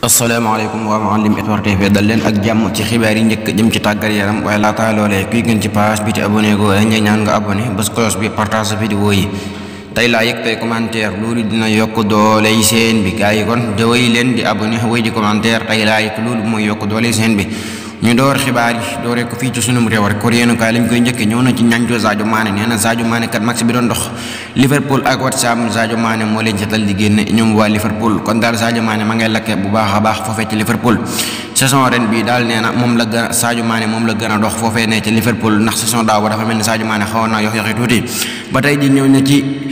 asalaamaaleykum waa Mouhalim Espoir TV dal leen ak jàmm ci xibaar yi njëkk jëm ci tàggat yaram waaye laataa loolee kuy gën ci page bi te abonné goo ñu ñaan nga abonné bés cloche bi partage vidéo yi tey laa yëg tey commentaire loolu dina yokk dooley seen bi gars yi kon daway leen di abonné way di commentaire tey laa yëg loolu mooy yokk dooley seen bi ñu door xibaar yi dooree ko fii ci sunum réew rek koreenu kaay na ci ñanco Sadio Mané nee na Sadio Mané kat match bi doon dox Liverpool ak West Ham Sadio Mané moo ma ngay lakke bu a moom la gën a Sadio Mané moom la gën a dox foofee ne ci Liverpool ndax saison daaw ba naa yox yoxi tuuti ba tey ji ñëw na ci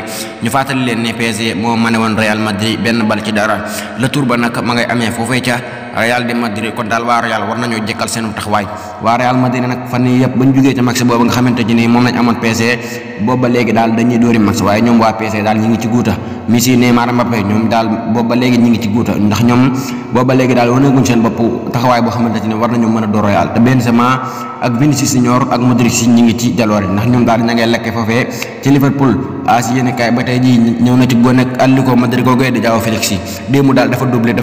Madrid ñu fàttali leen ne PSG moo mane woon Real Madrid benn bal ci dara la ba nag ma ngay amee foofee ca Real de Madrid kon daal waa Real war nañoo jëkkal seen taxawaay waa Real Madrid nag fan yii yëpp ba jugee ca match boobu nga xamante ne nii moom lañ amoon PSG boobu léegi daal dañuy dóori match waaye ñoom waa PSG daal ngi ci guuta Messi Neymar Mbappé ñoom daal boobu léegi ñi ngi ci guuta ndax ñoom boobu léegi daal wanaguñ seen bopp taxawaay boo xamante mën a dóor Real te Benzema ak Vinicius Junior ak Modric si ñi ngi ci jaloore ndax ñoom daal ña ngay lekkee foofee ci na ci gone ak Atlético Madrid googee di Joao Félix yi démb daal dafa doublé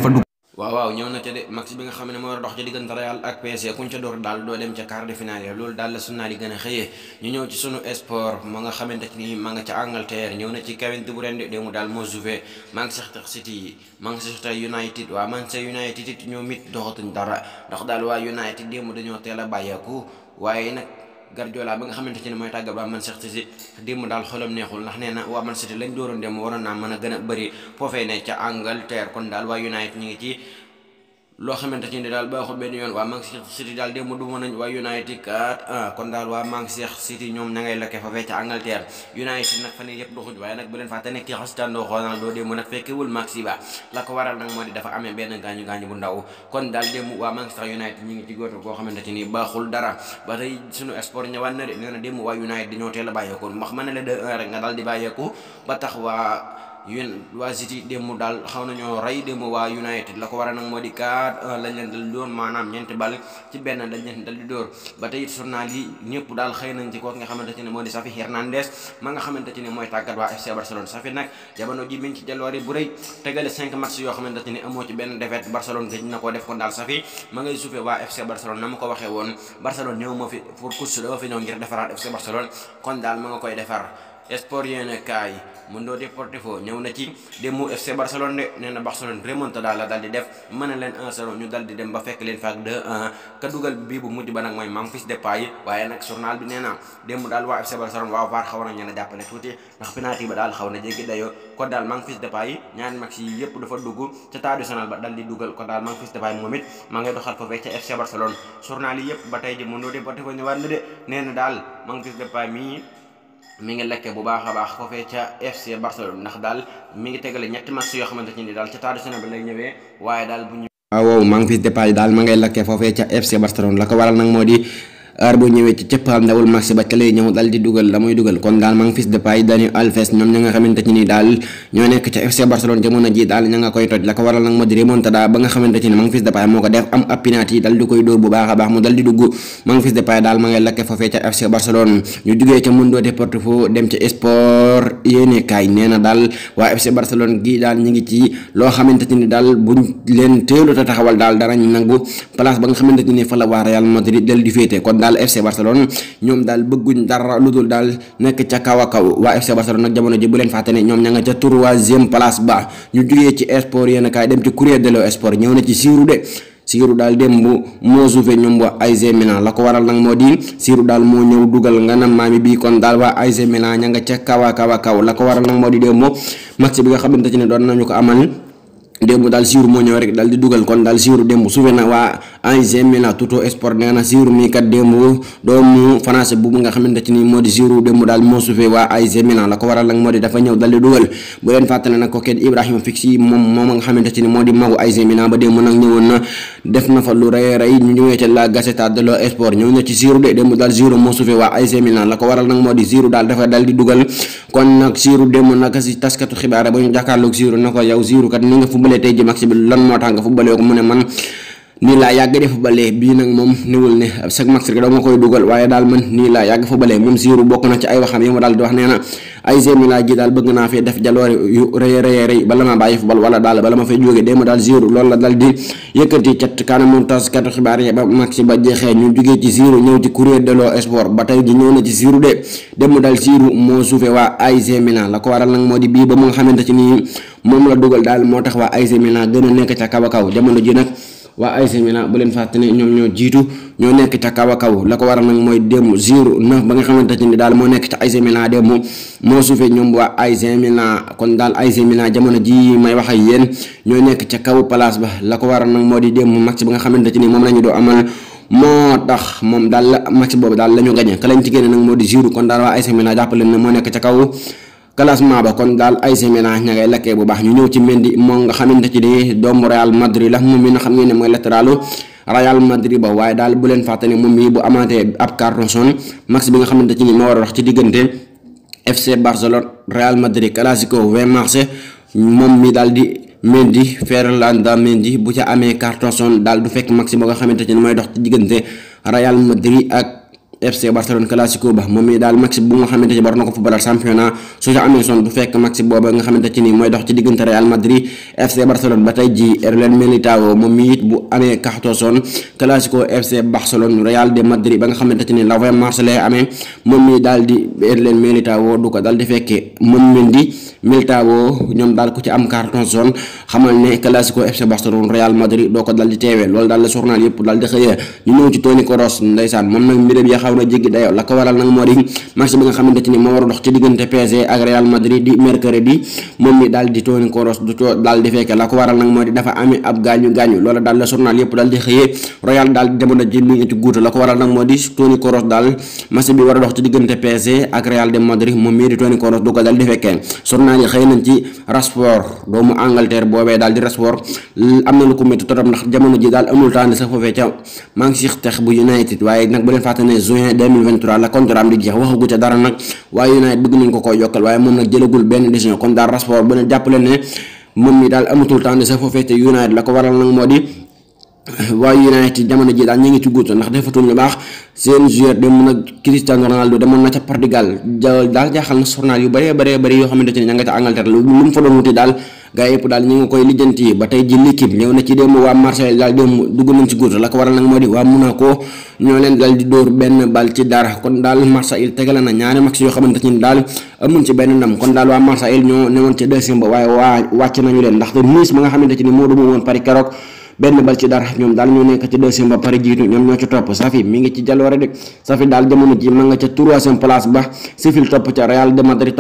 waaw waaw ñëw na ca de match bi nga xam ne moo war a dox ca diggante Real ak PSG kuñ ca door daal doo dem ca quart de finale ya loolu daal la sunnaal yi gën a xëyee ñu ñëw ci sunu sport ma nga xamante ni ma nga ca Angleterre ñëw na ci Kevin De Bruyne dému daal moo joué Manchester City Manchester United waa Manchester United it ñoom it doxatuñ dara ndox daal waa United dému dañoo teel a bàyyeeku waaye nag Guardiola bi nga xamante ne mooy tàggat waa Manchester City démb daal xolam neexul ndax nee na waa Manchester lañ dooroon dem waroon naa mën a gën a bëri foofee ne ca Angleterre kon daal waa United ñu nga ci loo xamante ci ni daal baaxul benn yoon waa Manchester City daal démb duma nañ waa United ah, ah, waa ñoom ña ngay lakke fa fee ca Angleterre United nag fan yii yëpp doxuñ waaye nag bu leen fàtte nekk ci xasitandoo Ronaldo kon daal démb waa Manchester ngi ci góoto koo xamante ci ni baaxul dara ba tey suñu sport ñëwaat na de nee na démb waa United dañoo teel a bàyyeeku wax ma ne la 2-1 rek nga daal di bàyyeeku ba tax waa yun waa City démb daal xaw nañoo rey démb waa United la ko war a nag moo di 4-1 lañ leen dal di doon maanaam ñeenti bal ci benn dañ leen dal di dóor ba tey it journal yi ñëpp daal xëy nañ ci kooku nga xamante ne ne mooy tàggat waa FC Barcelone Safi nag jamono ji mi ngi ci jalwaari bu rëy tegale 5 match yoo xamante ne amoo ci benn défaite Barcelone gëj na ko def ko daal Safi ma ngay suufee waa FC Barcelone na ma ko waxee woon Barcelone ñëw ma fi pour course dafa kon daal ma nga koy defar sport yenn kaay Mundo Deportivo ñëw na ci démb FC Barcelone de nee Barcelone remontada la daal di def mën leen 1-0 ñu daal dem ba fekk leen faak 2-1 ka dugal bii mujj ba nag mooy Memphis Depay waaye nag journal bi daal waa FC de nee mii mi ngi lekkee bu baax a baax foofee ca FC Barcelone ndax daal mi ngi tegale ñetti match yoo xamante ne ni daal ca taadu sene ba lay ñëwee waaye daal bu ñu waaw maa ngi fi Depay daal ma ngay lakkee foofee ca FC Barcelone la ko waral nag moo di heure boo ñëwee ci cëppaal ndawul marché ba ca lay ñëw dal di dugal la dugal kon daal Memphis Depay Dani Alves ñoom ña nga xamante ci ni daal ñoo nekk ca FC Barcelone jamono ji dal di koy dóor bu baax a baax mu dal di dugg Memphis Depay daal ma ngay lakke foofee ca FC Barcelone ñu jugee ca Mundo Deportivo dem ca sport yéene kaay daal waa FC Barcelone gi daal ñi ngi ci loo xamante ci ni daal buñ leen teelu taxawal daal darañ nangu place ni fa la waa Real Madrid daal FC Barcelone ñoom daal bëgguñ dara lu dul daal nekk ca kaw a kaw waa FC Barcelone nag jamono ji bu leen fàtte ne ñoom ña ca troisième place ba ñu jugee ci sport yéen a kaay dem ci Corriere dello Sport ñëw na ci siiru de siiru daal démb moo suufee ñoom waa AS Milan la ko waral nag moo di siiru daal moo ñëw dugal nga na maami bii kon daal waa AS Milan ña nga ca kaw a kaw a kaw la ko waral nag moo di démb match bi nga xamante ne doon nañu ko amal démb daal siiru moo ñëw rek daal di dugal kon daal siiru démb suufe na waa ANG Milan Tutto Sport nee na siiru mii la ko waral nag moo di siiru daal siiru moo di dugal kon nag siiru démb nag si taskatu xibaar ba ñu jàkkaarloog siiru na ko yow siiru kat ni nga fubale tey ji match bi lan moo tax nga footballé ko mu ne man nii laa yàgg di footballé bii nag moom niwul ne chaque match rek da nga koy dugal waaye daal man nii laa yàgg footballé moom siiru bokk na ci ay waxam yi mu daal di wax nee na ay Milan naa fee def jaloore yu rëy rëy rëy wala daal bala ma fay jóge démb daal siiru la daal di yëkkati cat kanamu taskatu xibaar yi ba match ba jeexee ñu jógee ci siiru ñëw ci Corriere dello Sport ba tey ji ñëw de démb daal siiru moo suufe waa ay Milan la ko waral nag moo di bii ba mu nga xamante ci nii moom la dugal daal moo tax waa ay Milan gën a nekk ca kaw a kaw jamono ji nag waa ASC Milan bu leen fàtte ne ñoom ñoo jiitu ñoo nekk ca kaw a kaw la ko waral nag mooy dem zéro neuf ba nga xamante ni daal moo nekk ca ASC Milan démb moo suufee ñoom waa ASC Milan kon daal ASC Milan jamono ji may wax ak yéen ñoo nekk ca kaw place ba la ko waral nag moo di démb match ba nga xamante ni moom la ñu doo amal moo tax moom daal la match boobu daal la ñu gañe ka ci génne nag moo di zéro kon daal waa ASC Milan jàppale ne moo nekk ca kaw classement ba kon daal ay séménage ña ngay lakkee bu baax ñu ñëw ci Mendy moom nga xamante ci ni doomu Real Madrid la moom mi nga xam ngeen ne mooy latéralu Real Madrid ba waaye daal bu leen moom mii bu amaatee ab carton jaune max bi nga xamante ci ni moo war a wax ci diggante FC Barcelone Real Madrid classico 20 moom mi daal di Mendy Ferland Mendy bu ca amee carton jaune daal du fekk max bi nga xamante ci ni mooy dox ci diggante Real Madrid ak. FC Barcelone classico ba moom mi daal match bu nga xamante ci war na ko footballal championnat su ca amee son bu fekk match booba nga xamante ci nii mooy dox ci diggante Real Madrid FC Barcelone ba tey ji Erlen Militao moom mi it bu amee kaxtoo son classico FC Barcelone Real de Madrid ba nga xamante ci nii la 20 mars lay amee moom mi daal di Erlen Militao du ko daal di fekkee moom Mendy Militao ñoom daal ku ci am carton jaune xamal ne classico FC Barcelone Madrid doo ko dal di teewee loolu daal di xëyee ñu ñëw di match bi nga di mercredi moom lu ñu ci guuta la ko waral nag moo di Toni daal match bi war dox ci diggante PSG ak Real de Madrid moom mii di Toni Kroos ko daal di fekkee naa ni xëy nañ ci Rashford doomu Angleterre boobee daal di Rashford am na lu ko métti torop ndax jamono ji daal amul temps sax foofee ca Manchester bu United waaye nag bu leen fàtte ne juin la contrat di jeex waxagu ca dara nag waaye United bëgg nañ ko koy yokkal waaye moom nag jëlagul benn décision kon daal Rashford ba ne jàppale ne moom mi daal amatul temps sax foofee ca United la ko waral nag moo di waa United jamono ji daal ñu ngi ci guuta ndax defatuñ lu baax seen joueur dem demoon na ca Portugal daal jaaxal na journal yu bëree bëree bëri yoo xamante ci démb waa Marseille daal démb dugg ci ne daal amuñ ci benn ndam kon daal waa Marseille ñoo newoon ci deuxième ba waaye waa wàcc nañu leen ndax te ma nga xamante ne moo duma woon Paris keroog benn bal ci dara ñoom daal ñoo nekk ci deuxième ba pare jiitu ñoom ñoo ci topp Safi mi ngi ci jaloore de Safi daal jamono ji ma nga ca troisième place ba Seville topp ca Real de Madrid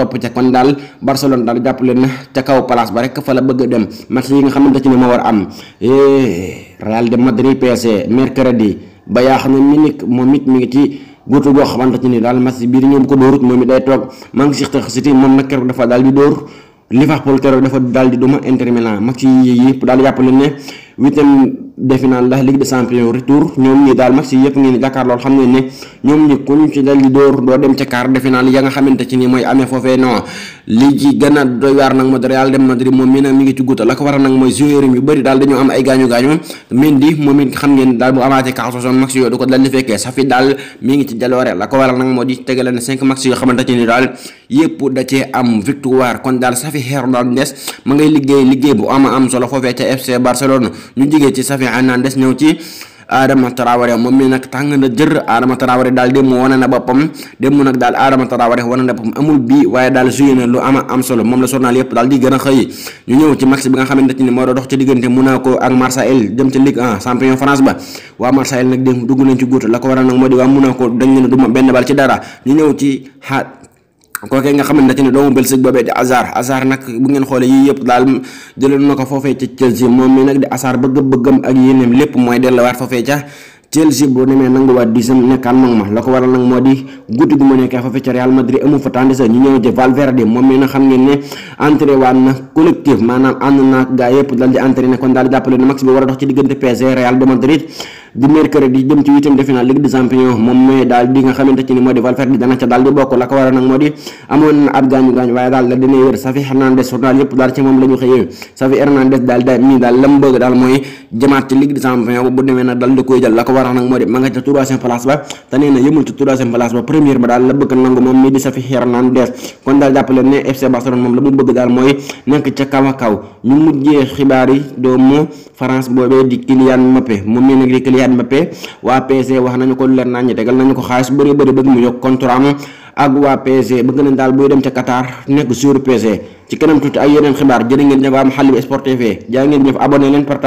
ma war ba yaa xam ne Munich moom it ngi ci guutu goo xamante ci ni daal match bii ñoom ko dóorut moom it day toog Manchester City moom nag keroog dafa daal di dóor Liverpool keroog dafa daal di duma Inter Milan match yi daal jàpp leen ne huitième de finale ndax Ligue des champions retour ñoom ñi daal match yi nga ngeen jàkkaar lool xam ngeen ne ñoom ñi ku ci dal di dóor doo dem ca quart de finale nga xamante ci ni mooy amee foofee non li ci gën a doy waar nag moo di Real de Madrid moom mii nag mi ngi ci guuta la ko waral nag mooy joueur yu bëri daal dañoo am ay gaañu gaañu Mendy moom it xam ngeen daal bu amaatee quarante soixante match yooyu du ko dal fekkee Safi daal mi ngi na cinq match yoo xamante ci ni yëpp da cee am victoire kon daal Xavi Hernández ma ngay liggéey liggéey bu ama am solo foofee ca FC Barcelone ñu jigee ci Xavi Hernández ñëw ci Adama Traoré moom mi nag tàng na jër Adama Traoré na boppam démb nag daal Adama Traoré wane na boppam amul bii waaye daal joué na lu ama am solo moom la journal yëpp daal di gën a xëy ñu ñëw ci match bi nga xamante ni moo dox ci diggante Monaco ak Marseille dem ci Ligue 1 champion France ba waa Marseille nag dugg nañ ci la ko waral nag moo di waa Monaco dañ leen duma benn kookee nga xamante ne doomu Belgique boobee di Hazard Hazard nag bu ngeen xoolee yii yëpp daal jëloon di Hazard bëgg-bëggam foofee ca Chelsea boo demee nanguwaat diisam nekkaan mag ma la ko waral nag moo di guddi gu mu nekkee foofee ca Real Madrid amu fa tànn sax ñu ñëw ci Valverde moom mi nag xam ngeen ne entraîné na collectif maanaam ànd na gaa yëpp daal di entraîné kon daal di jàppale ne max bi war a dox ci diggante PSG Real de Madrid di mercredi jëm ci huitième de finale Ligue des moom mooy daal di nga xamante ci ni moo di Valverde ca daal di bokk la ko waral nag moo di amoon na ab gaañu gaañu waaye daal la dina wér Xavi Hernandez Hernandez daal daal nii daal ci Ligue des Champions bu demee nag daal di koy jël la ko waral nag moo di ma ca troisième ba te nee yëmul ci troisième ba première ba daal la bëgg nangu moom mii di Xavi Hernandez kon daal jàppale ne FC Barcelone moom Kylian Mbappé waa PSG wax nañu ko lu leer naan ñi nañu ko xaalis bëri bëri bëgg mu yokk contrat ak waa PSG bëgg nañ daal buy dem ca Qatar nekk sur PSG ci kanam tuuti ay yeneen xibaar jërë ngeen jëf am ngeen jëf abonné leen partage